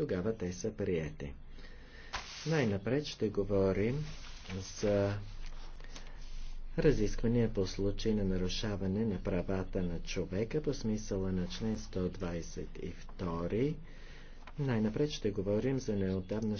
тогава те са приети. Най-напред ще говорим за разисквания по случай на нарушаване на правата на човека по смисъла на член 122. Най-напред ще говорим за неотдавна